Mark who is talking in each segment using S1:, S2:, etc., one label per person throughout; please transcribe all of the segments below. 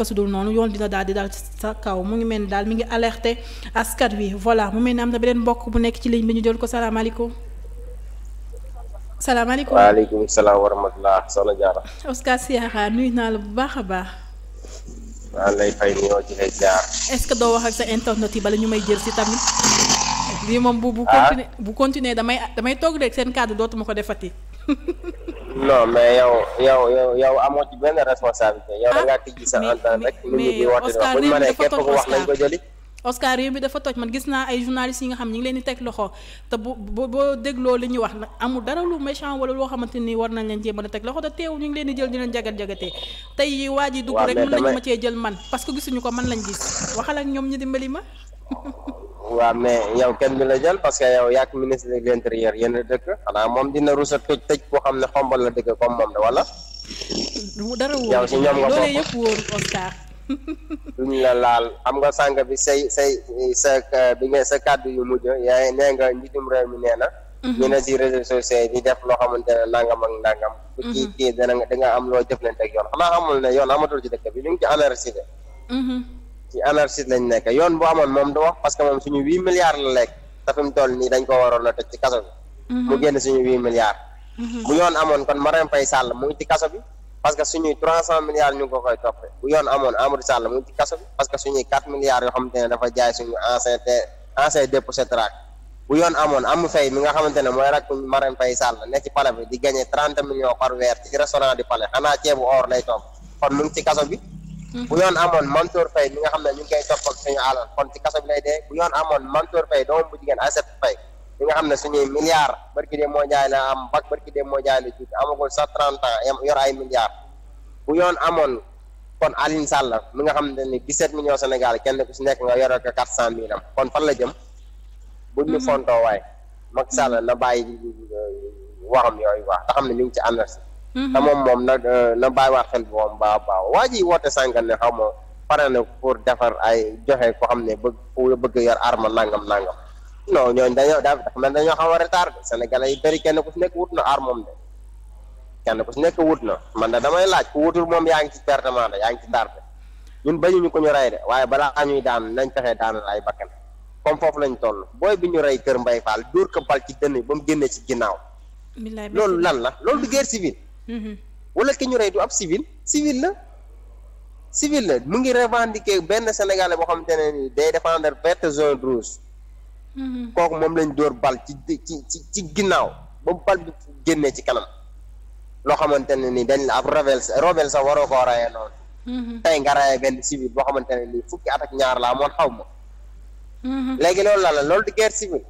S1: naka su noonu yoon dina daal di daal sa kaw mu ngi mel ni daal mi ngi alerté askan wi voilà mu mel ni am na beneen mbokk bu nekk ci ligne bi ñu jël ko salaamaaleykum. salaamaaleykum waaleykum
S2: salaam wa rahmatulah soxna Diarra.
S1: Oscar nuyu naa la bu baax a baax.
S2: maa lay fay nuyoo ci lay jaar.
S1: est-ce que doo wax ak sa internet yi bala ñu may jël si tamit. lii moom bu bu. Ah. bu continuer damay damay toog rek seen kàddu dootuma ko defati.
S2: non mais yow yow yow yow amoo ci benn ah, sa antenne rek. mais mais Oscar réew mi dafa toj wax nañ ko jëli.
S1: Oscar réew mi dafa toj man gis naa ay journalistes yi nga xam ñu ngi leen di teg loxo te bu bu boo dégloo li ñuy wax nag amul dara lu méchant wala loo xamante ni war nañ leen jéem a teg loxo te teew ñu ngi leen di jël di leen jagat jagatee tey waa ji dugg rek mën nañu ma cee jël man parce que gisuñu ko man lañ gis waxal ak ñoom ñu dimbali ma.
S2: waaw mais yow kenn du la jël parce que yow yaa ministre de l' intérieur yéen dëkk xanaa moom dina rusa tëj tëj boo xam ne xombal la dëkk comme moom de wala.
S1: dara wóorul yow si ñoom nga bokk yëpp wóorul Oustaz.
S2: duñ la laal xam nga sànq bi say say sa bi nga sa kàddu yu mujj yaa nee nga njiitum réew mi nee na. Mhm. ñu ne si réseaux sociaux yi di def loo xamante ne nangam ak nangam. Mhm. ku ci kii dana da nga am loo jëflante ak yoon xanaa amul ne yoon amatul ci dëkk bi ñu ngi ci anarchie de. Mhm. ci anarchie lañ nekk yoon bu amoon moom du wax parce que moom suñu huit milliards la lekk te fi mu toll nii dañ ko waroon a tëj ci kaso bi mhm. mu génn suñu huit milliards mhm. bu yoon amoon kon Marème Faye Sall mu ngi mu ngi ci kaso bi parce que suñuy quatre milliards yoo xamante ne dafa jaay suñu ancien te ancien dépôt trac bu yoon amoon amu fay mi nga xamante ne mooy rakk Marème Faye Sall nekk ci palais bi di gagné trente millions par weer ci restaurant du palais xanaa ceebu bu yoon amoon Mansour Faye mi nga xam ne ñu ngi koy topp ak suñu alal kon ci kaso bi lay dee bu yoon amoon Mansour Faye doom bu jigéen Aïssatou Faye mi nga xam ne suñuy milliards barki dee moo jaay la am bac barki dee moo jaay la juuti amagul sax trente ans yor ay milliards bu yoon amoon kon Aline Sall nga xam ne dix-sept millions Sénégal kenn ku si nekk nga yore ko quatre cent am kon fan la jëm buñ ñu mm-hmm. fontoo waaye Macky Sall na bàyyi waxam yooyu wax te xam ne ñu ngi ci anarchie
S3: Mhm. te moom moom
S2: na euh, na bàyyiwaat xel bi moom baax baa waa ji woote sànka ne xaw ma pare na pour defar ay joxe ko xam ne bëgg ku bëgg yor arme nangam nangam non ñooñu dañoo dafa mel dañoo xaw a retard senegal yi bëri kenn ku si nekk wut na arme moom de kenn ku si nekk wut na man na damay laaj ku wutul moom yaa ngi ci pertement de yaa ngi ci tardé ñun bañuñu ko ñu rey de waaye balaa ñuy daan nañ fexee daanal ay bakkan comme foofu lañ toll booy bi ñu rey kër Mbay Fall dóor ko ci dënn ba mu ci ginnaaw loolu lan la loolu du Mm-hmm. wala ki ñu rey du ab civil civil la civil la mu ngi revendiquer benn sénégalais boo xamante ne ni day défendre verte zone rouge
S3: mm-hmm. kooku moom
S2: lañ dóor bal ci ci ci ci ginnaaw ba bal bi génnee ci kanam loo xamante ne ni dañ la ab rebelle rebelle sax waroo koo rayee noonu
S3: mm-hmm. tey nga
S2: rayee benn civil boo xamante ne ni fukki at ak ñaar laa moon xaw ma
S3: léegi loolu la la loolu
S2: di guerre civile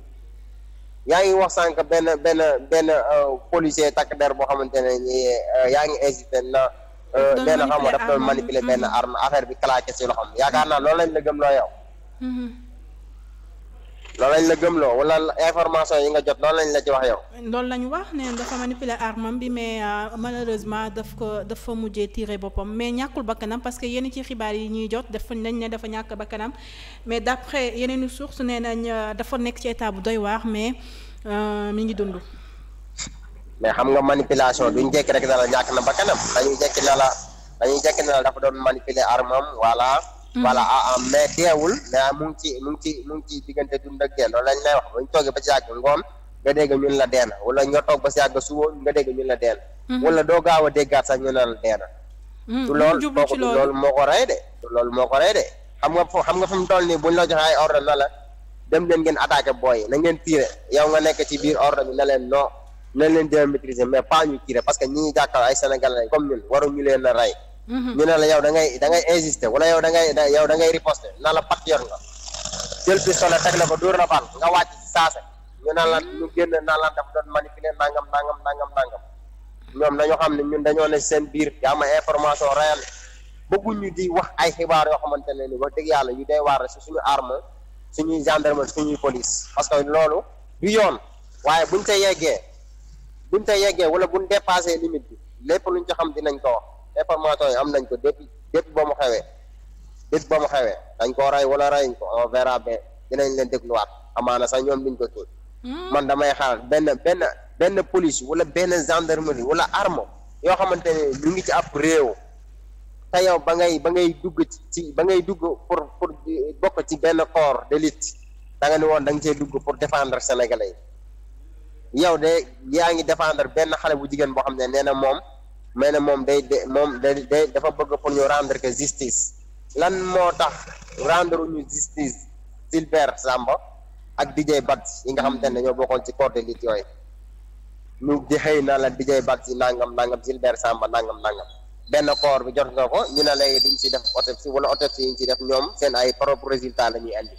S2: yaa ngi wax sànq benn benn benn euh, policier takk der boo xamante ne nii euh, yaa ngi hésité na. Euh, benn xam nga daf doon manipuler benn mm-hmm. arme affaire bi claqué ci loxoom yaakaar naa loolu lañ la gëm loo yow. Mm-hmm. lool lañ la gëmloo wala information yi nga jot loolu lañ la ci wax yow.
S1: loolu lañ wax ne dafa manipuler armam bi mais euh, malheureusement daf ko dafa mujje tiire boppam mais ñàkkul bakkanam parce que yenn ci xibaar yi ñuy jot dafa nañ ne dafa ñàkk bakkanam mais d'après yeneen i sources nee nañ euh, dafa nekk ci état bu doy waar mais euh, mi ngi dund.
S2: mais xam nga manipulation duñ jekki rek dala ñàkk na bakkanam dañuy jekki la dañuy jekki ne la dafa doon manipuler armam voilà. Mm-hmm. voilà ah, ah, mais teewul mais mu ngi ci mu ngi ci mu ci diggante dund ak dee loolu lañ lay wax bañ toogee ba ci yàgg ngoon nga dégg ñun la deena wala ñoo toog ba si yàgg suba nga dégg ñun la deena mm-hmm. wala doo gaaw a déggaat sax ñu ne
S3: mm-hmm. loolu moo
S2: ko rey de loolu moo ko rey de xam nga xam nga mu toll nii buñ la joxee ay ordre na la dem leen ngeen attaqué booy na ngeen tiré nga nekk ci biir ordre bi na leen non na leen jéem a maîtriser mais pas ñu tiré parce que ñi ñuy jàkkal ay sénégalais comme ñun waruñu leen a rey
S3: Mhm. ñu ne la yow
S2: da ngay da ngay insister wala yow da ngay yow da ngay riposter na la pat yor nga jël pistolet teg la ko dóor la bal nga wàcc ci saase ñu naan la mhm. ñu génn naan la dafa doon manipuler nangam nangam nangam nangam ñoom dañoo xam ne ñun dañoo ne seen biir yaa ma information réelle bëgguñu di wax ay xibaar yoo xamante ne ni wax dëgg yàlla yu day waar si suñu arme suñuy gendarmerie suñuy police parce que loolu du yoon waaye buñ te yeggee buñ te yeggee wala buñ dépassé limite bi lépp luñ ci xam dinañ ko information yi am nañ ko depuis depuis ba mu xewee bis ba mu xewee dañ ko rey wala reyuñ ko on verra bien dinañ leen dégluwaat amaana sax ñoom duñ ko kii hmm. man damay xaal benn benn benn police wala benn gendarmerie wala arme yoo xamante ne ñu ngi ci ab réew te yow ba ngay ba ngay dugg ci ba ngay dugg pour pour bokk ci benn corps d'élite da nga ni woon da nga cee dugg pour défendre sénégalais yi yow de yaa ngi défendre benn xale bu jigéen boo xam ne nee na moom mais ne moom day day moom day day dafa bëgg pour ñu rendre que justice lan moo tax rendre ñu justice Silbert Samba ak DJ bat yi nga xamante ne dañoo bokkoon ci corps de lutte yooyu ñu di xëy na la DJ Badji nangam nangam Silbert Samba nangam nangam benn corps bi jot nga ko ñu ne léegi duñ ci def autopsie wala autopsie yi ñu ci def ñoom seen ay propre résultat la ñuy andi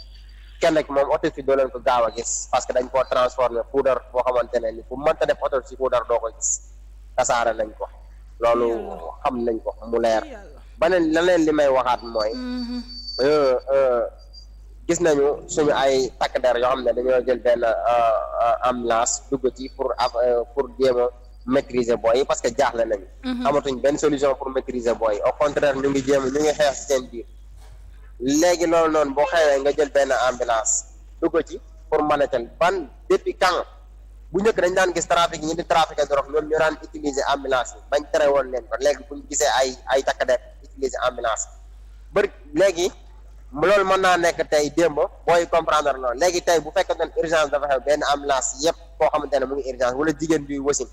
S2: kenn ki moom autopsie doo leen ko gaaw a gis parce que dañ koo transformé poudre boo xamante ne ni fu mënta def autopsie poudre doo ko gis tasaare nañ ko. loolu xam nañ ko mu leer la leen li may waxaat mooy mm-hmm. euh, euh, gis nañu suñu ay takk der yoo xam ne dañoo jël benn euh, ambulance dugg ci pour pour jéem a maîtriser booy yi parce que jaaxle nañu mm-hmm. amatuñ benn solution pour maîtriser booy yi au contraire ñu ngi jéem ñu ngi xeex si seen biir léegi loolu noonu boo xewee nga jël benn ambulance dugg ci pour mën a ban depuis quand bu njëkk dañu daan gis trafic ñi di trafiqué drogue ñoom ñu daan utiliser ambulance bañ tere woon leen ko léegi gisee ay ay takk der utiliser ambulance bër léegi loolu mën naa nekk tey démb booy comprendre loolu léegi tey bu fekkee ne urgence dafa xew benn ambulance yëpp koo xamante ne mu ngi urgence wala jigéen bi wasin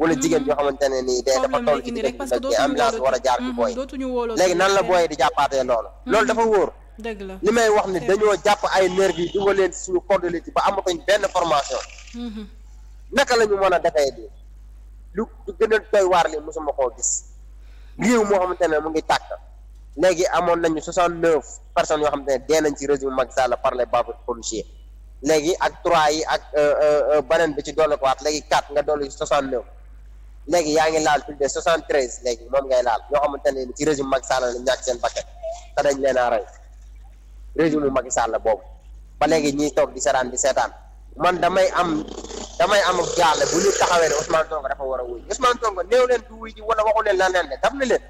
S2: wala hmm. jigéen ñoo xamante ne nii day dafa toll ci diggante ambulance war a jaar ci booy
S1: léegi nan la booy di
S2: jàppaatee loolu hmm. loolu dafa wóor
S1: dëgg la li may wax ni
S2: dañoo jàpp ay nervi yi dugal leen suñu code ba amatuñ benn formation hmm. naka la ñu mën a defee di lu gën a doy waar li mosuma koo gis réew moo xamante ne mu ngi tàkk léegi amoon nañu soixante neuf personnes yoo xam ne dee nañ ci régime mag Sall par les bavures policières léegi ak trois yi ak euh, euh, euh, beneen bi ci dolli ko waat léegi quatre nga dolli soixante léegi yaa ngi laal plus de soixante treize léegi moom ngay laal ñoo xamante ne ci régime mag Sall la ñàkk seen bakkan te dañ leen a rey régime Macky Sall boobu ba léegi ñiy toog di seetaan di seetaan man damay am damay am ak jàll bu ñu taxawee ne Ousmane Sonko dafa war a wuy Ousmane Sonko néew leen du wuy ji wala waxu leen lan leen ne daf na leen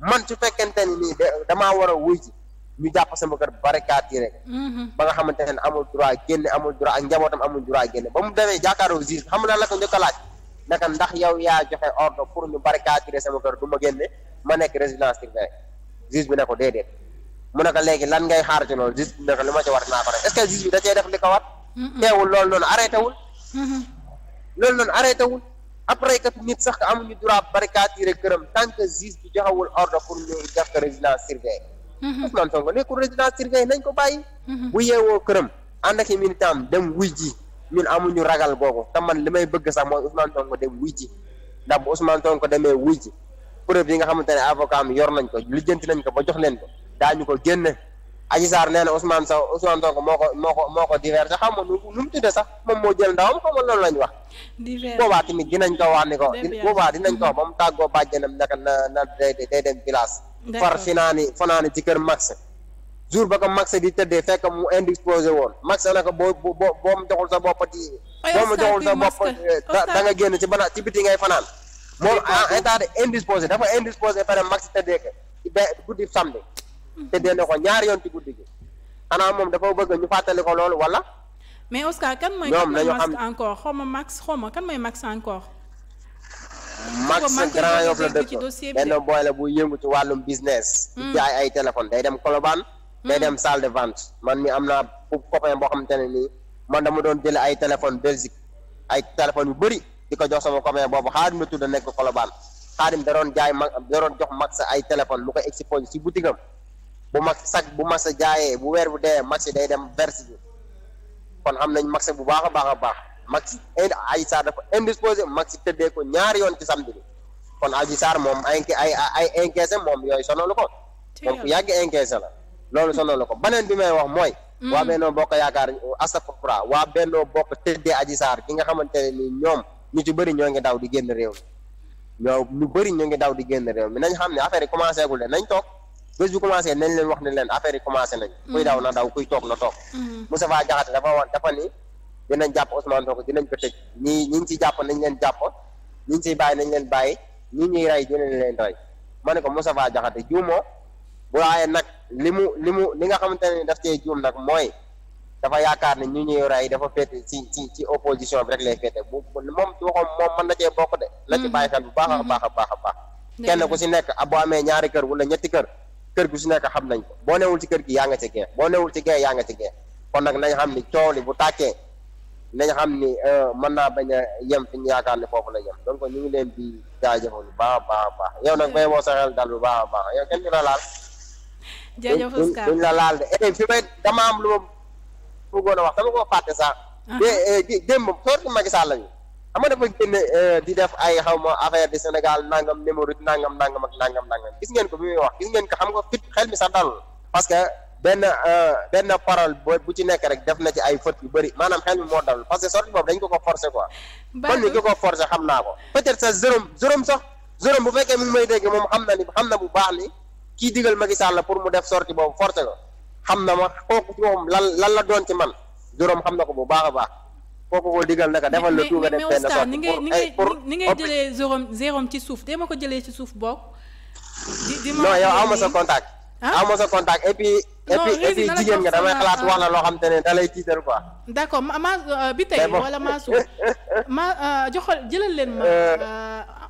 S2: man su fekkente ni nii damaa war a wuy ji ñu jàpp ma kër barricade yi rek
S3: mhm. ba nga
S2: xamante ne amul droit génn amul droit ak njabootam amul droit ba mu demee jàkkaaroo juge xam naa la ko njëkk a na naka ndax yow yaa joxe ordre pour ñu barricade sama kër du ma génne ma nekk résidence surveillée juge bi ne ko déedéet mu ne ko léegi lan ngay xaar ci loolu juge bi ne ko li ma ci war naa ko loolu noonu wul Mm-hmm. loolu noonu arrêté wul après kat nit sax amuñu droit barricade këram tant que juge bi joxewul ordre pour ñu def ko résidence surveillée. Mm-hmm. Ousmane Sonko nekkul résidence surveillée nañ ko bàyyi. Mm-hmm. bu yeewoo këram ànd ak i militant dem wuy ji ñun amuñu ragal googu te man li may bëgg sax mooy Ousmane dem wuy ji ndax bu Ousmane Sonko demee wuy ji preuve yi nga xamante ne avocat am yor nañ ko lijjanti nañ ko ba jox leen ko ñu ko génne. Adji Sarr nee na Ousmane Sow Ousmane Sonko moo ko moo ko moo ko divergé xam nga nu mu tudde sax moom moo jël ndawam xam nga loolu lañ wax. divergé boobaa tamit dinañ ko ko. boobaa dinañ ko ba mu tàggoo bàjjenam naka na na day day dem village. far fi ni fa naa ci kër Max. jour ba ko Max di tëddee fekk mu indisposé woon Max naka boo boo boo mu joxul sa bopp di. boo mu joxul sa bopp eh, da nga génn ci banaa ci biti ngay fanaan. moom en état de indisposé dafa indisposé pare Max tëddee ko ci ba di samedi. tëddee na ko ñaari yoon ci guddi gi xanaa moom dafoo bëgg ñu fàttali ko loolu wala.
S1: mais Oscar kan mooy. ñoom nañu xam encore xaw ma Max ma kan mooy Max encore.
S2: Max Grand Yoff la dëkk benn booy la yëngu ci wàllum business. Hmm. ay téléphone day dem Colobane. day hmm. dem salle de vente man mi am naa copain boo xamante ne nii man dama doon jële ay téléphone Belgique ay téléphone yu bëri di ko jox sama copain boobu Xaadim la tudd nekk Colobane Xaadim da doon jaay mag da doon jox Max ay téléphone mu ko exposé si boutique bu mag sac bu mas a jaayee bu weer bu dee maxi day dem verse bi kon xam nañ maxi bu baax a baax a baax maxi Adji Sarr dafa indisposé maxi tëddee ko ñaari yoon ci samedi bi kon Adji Sarr moom ay ay ay encaissé moom yooyu sonalu ko moom ku yàgg encaissé la loolu sonalu ko beneen bi may wax mooy mm. waa Bennoo Bokk Yaakaar a waa Bennoo Bokk tëddee Adji saar ki nga xamante ne ni ñoom ñu ci bëri ñoo ngi daw di génn réew mi ñoo ñu bëri ñoo ngi daw di génn réew mi nañ xam ne affaire yi commencé gul nañ toog bés bu commencé nañ leen wax ne leen affaire yi commencé nañ mm. kuy daw na daw kuy toog na toog mm-hmm. Moustapha Diakhaté dafa wax dafa ni dinañ jàpp Ousmane Sonko dinañ ko tëj ñii ñi ngi ciy jàpp nañ leen jàpp ñi ngi ciy nañ leen bàyyi ñi ñuy rey leen rey ma ne ko Moustapha Diakhaté juumoo bu waaye nag li mu li mu li nga xamante ne daf cee juum nag mooy dafa yaakaar ne ñu ñuy rey dafa féete ci ci ci opposition bi rek lay féete bu moom ci waxoon moom man na cee bokk de la ci mm-hmm. bàyyi xel bu baax a mm-hmm. baax a baax a baax kenn ku si nekk ab ah, boo amee ñaari kër wala ñetti kër kër gu si nekk xam nañ ko boo newul ci kër gi yaa nga ci gain boo newul ci gain yaa nga ci gain kon nag nañ xam ni coow li bu tàkkee nañ xam ni euh, mën naa bañ a yem fi ñu yaakaar ne foofu la yem donc ñu ngi leen di jaajëfal bu baax a baax a yow nag bay boo sa xel dal bu baax a baax yow kenn du la laal
S3: jërëjëf Oscar duñ
S2: laal de eh, fi may dama am lu ma bëggoon a wax dama ko fàtte sax eh, eh, démb sorti Macky Sall lañu ama dafa génn euh, di def ay xaw ma affaire di Sénégal nangam numéro nangam nangam ak nangam nangam gis ngeen ko bi muy wax gis ngeen ko xam nga fit xel mi sax dal parce que benn euh, benn parole bu ci nekk rek def na ci ay fautes yu bëri maanaam xel mi moo dal parce que sortie boobu dañ ko ko forcer quoi. kon ni ko ko forcer xam naa ko. peut-être sax Jérôme Jérôme sax Jérôme bu fekkee mi ngi may dégg moom xam na ni xam na bu baax ni kii digal Macky Sall la pour mu def sorti boobu forcer ko xam na ma kooku moom lan lan la doon ci man Jérôme xam na ko bu baax a baax. kooku ko digal naka defal la tuuga def benn sotti. ni ngay ni ngay
S1: ni ngay jëlee zérom zérom ci suuf de ma ko jëlee ci suuf bokk.
S2: di non yow amoo sa contact. amoo sa contact et puis. et jigéen nga damay xalaat wax la loo xam te ne da lay tiital quoi.
S1: d' accord ma ma euh, bi tey ma suuf ma euh, joxal jëlal leen ma euh.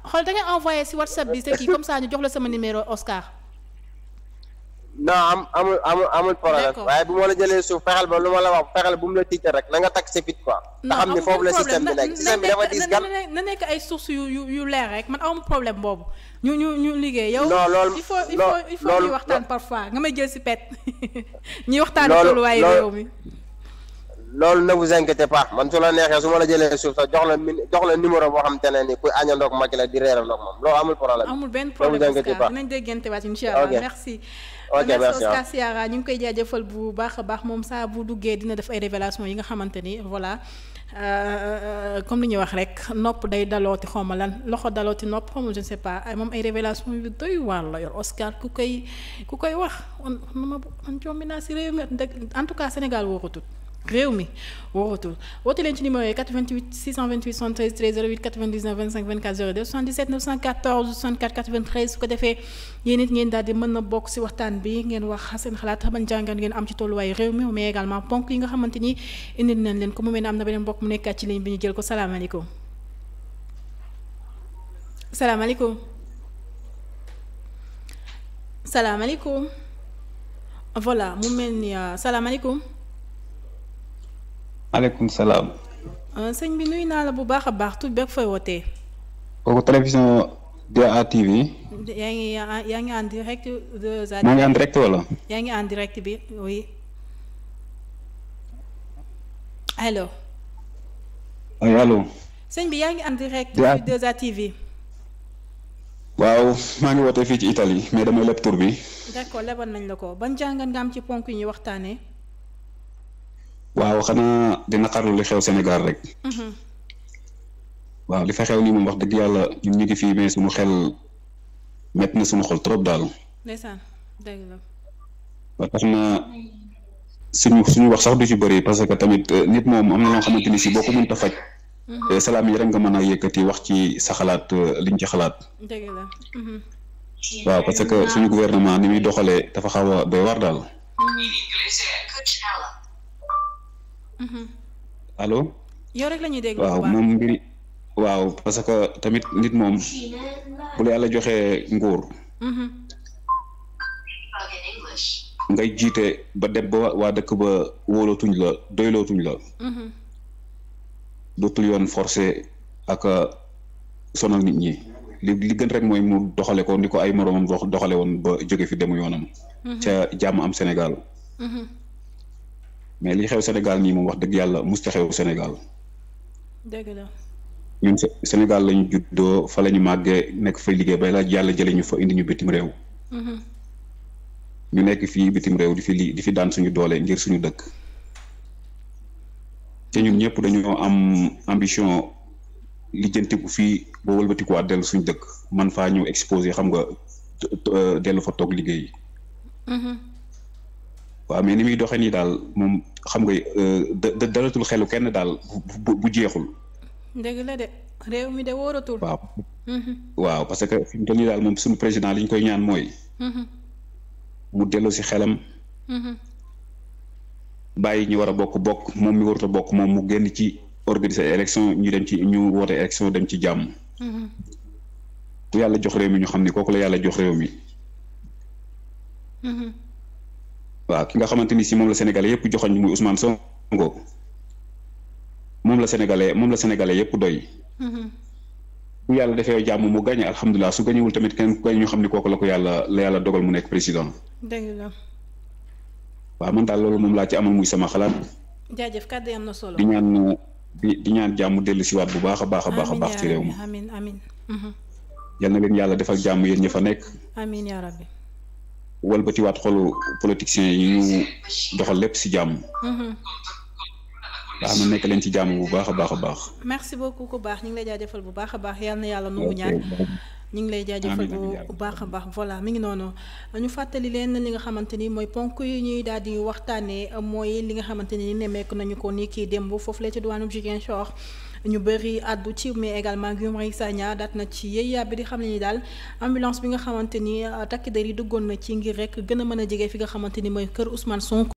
S1: xool da ngay envoyé si whatsapp bi sa kii comme ça ñu jox la sama numéro Oscar.
S2: non am amul amul amul problème waaye bu ma la jëlee suuf fexeel ba lu ma la wax fexeel bu mu la tiital rek na nga takk sa fit quoi. te xam ni foofu la système bi nekk système
S1: na nekk ay source yu yu yu leer rek man amu problème boobu ñu ñu ñu liggéey. yow il faut il faut il faut ñuy waxtaan parfois nga may jël si pet.
S2: ñuy waxtaan tolluwaayu réew mi. loolu ne vous inquiétez pas man su la neexee su ma la jëlee suuf sax jox la min jox la numéro boo xam te ne ni kuy àññandoog Macky la di réerandoog moom loolu amul problème. amul benn problème ne vous inquiétez pas dinañ
S1: déggante waat incha merci. ok merci Oscar Siara ñu ngi koy jaajëfal bu baax a baax moom saa bu duggee dina def ay révélation yi nga xamante ni voilà comme li ñuy wax rek nopp day dalooti xawma lan loxo dalooti nopp xawma je ne sais pas moom ay révélation yu doy waar la yor Oscar ku koy ku koy wax on ma man jombi naa si réew mi en tout cas Sénégal woo ko réew mi wóoratul woote leen ci numéro yi 88 628 73 13 08 99 25 24 02 77 914 64 93 su ko defee yéen it ngeen daal mën na bokk si waxtaan bi ngeen wax seen xalaat ban jàngat ngeen am ci tolluwaayu réew mi mais également ponk yi nga xamante ni indil nañ leen ko mu mel ne am na beneen mbokk mu nekkaat ci ligne bi ñu jël ko salaamaaleykum salaamaaleykum salaamaaleykum mu mel ni euh, salaamaaleykum.
S4: maaleykum salaam.
S1: Euh, sëñ bi nuyu naa la bu baax a baax tuut beeg fooy wootee.
S4: kooku télévision 2A TV.
S1: yaa ngi yaa ngi en direct. maa ngi en direct wala. yaa ngi en direct bi oui allo.
S3: oui
S1: bi yaa ngi en direct. 2A TV.
S4: waaw maa ngi wootee fii ci Italie mais damay leb tur bi.
S1: d'accord lebal nañ la ko ban jàngat nga am ci ponk yi ñuy waxtaanee.
S4: waaw xanaa di naqarlu li xew Sénégal rek mm-hmm. waaw li fa xew nii moom wax dëgg yàlla ñun ñu ngi fii mais suñu xel métti na suñu xol trop daal
S1: ndeysaan dëgg la
S4: ba tax na suñu wax sax du ci bëri parce que tamit euh, nit moom am na loo xamante ni si boo ko mënta faj mm-hmm. euh, salaam yi rek nga mën a yëkkati wax ci sa xalaat euh, liñ ci xalaat dëgg la mm-hmm. waaw parce que suñu gouvernement ni muy doxalee dafa xaw a war daal Mhm. allo.
S1: yow rek lañuy ñuy dégg waaw moom
S4: mbiri waaw parce que tamit nit moom bu la yàlla joxe nguur. Mhm. ngay jiite ba dem ba waa dëkk ba wóolootuñ la doylootuñ la. Mhm. dootul yoon forcé ak euh, sonal nit ñi li li rek mooy mu doxale ko ni ko ay moroomam doxale woon ba jóge fi demu yoonam. ca jàmm am Sénégal. mais li xew Sénégal nii moom wax dëgg yàlla musta xew Sénégal. dëgg la. ñun Sénégal lañu juddoo fa la ñu màggee nekk fay liggéey ba la yàlla jëlee ñu fa indi ñu bitim réew. Mhm. ñu nekk fii bitim réew di fi lii di fi daan suñu doole ngir suñu dëkk. te ñun ñëpp dañoo am ambition lijjantiku fii boo wëlbatikuwaat dellu suñu dëkk man faa ñëw exposé xam nga euh, dellu fa toog liggéey. Mhm. waaw mais ni muy doxe nii daal moom xam nga euh, da dalatul xelu kenn daal bu bu jeexul.
S1: dëgg la de réew mi de wóoratul. waaw. Mhm.
S4: waaw parce que fi mu nii daal moom suñu président li koy ñaan mooy. Mhm. mu dellu si xelam. Mhm. bàyyi ñu war a bokk bokk moom mi warut bokk moom mu génn ci organiser élection ñu dem ci ñu woote élection dem ci jàmm. ku yàlla jox réew mi ñu xam ne kooku la yàlla jox réew mi. waaw ki nga xamante ni si moom la sénégalais yëpp joxoñ muy Ousmane Sonko moom la sénégalais moom la sénégalais yëpp doy. bu mhm. yàlla defee jàmm mu gañe alhamdulilah su gañewul tamit kenn ku gañ ñu xam ni kooku la ko yàlla la yàlla dogal mu nekk président. dëgg la. waaw man daal loolu moom laa ci amal muy sama xalaat.
S1: jaajëf kàddu yi am na solo. di ñaan
S4: di ñaan jàmm dellu siwaat bu baax a baax a baax a baax. ci réew mi
S1: amiin amiin. Mhm.
S4: yal na leen yàlla defal jàmm yéen ñi fa nekk. amiin yaa wëlbatiwaat xolu politiciens yi ñu doxal lépp si jàmm. waaw mhm. na nekk ci jàmm bu baax a baax a
S1: baax. merci beaucoup ku baax ñu ngi lay jaajëfal bu baax a baax yal na yàlla nangu ñaan ñu ngi lay jaajëfal bu baax a baax voilà mi ngi noonu ñu fàttali leen li nga xamante ni mooy ponk yi ñuy daal di waxtaanee mooy li nga xamante ni mekk nañu ko nii kii démb foofu la ci diwaanu Ziguinchor. ñu bëri àddu ci mais également Guy Marius Sagna daat na ci yéeyaa bi di xam ne ñi daal ambulance bi nga xamante ni euh, takk der yi duggoon na ci ngir rek gën a mën a jege fi nga xamante ni mooy kër Ousmane sonk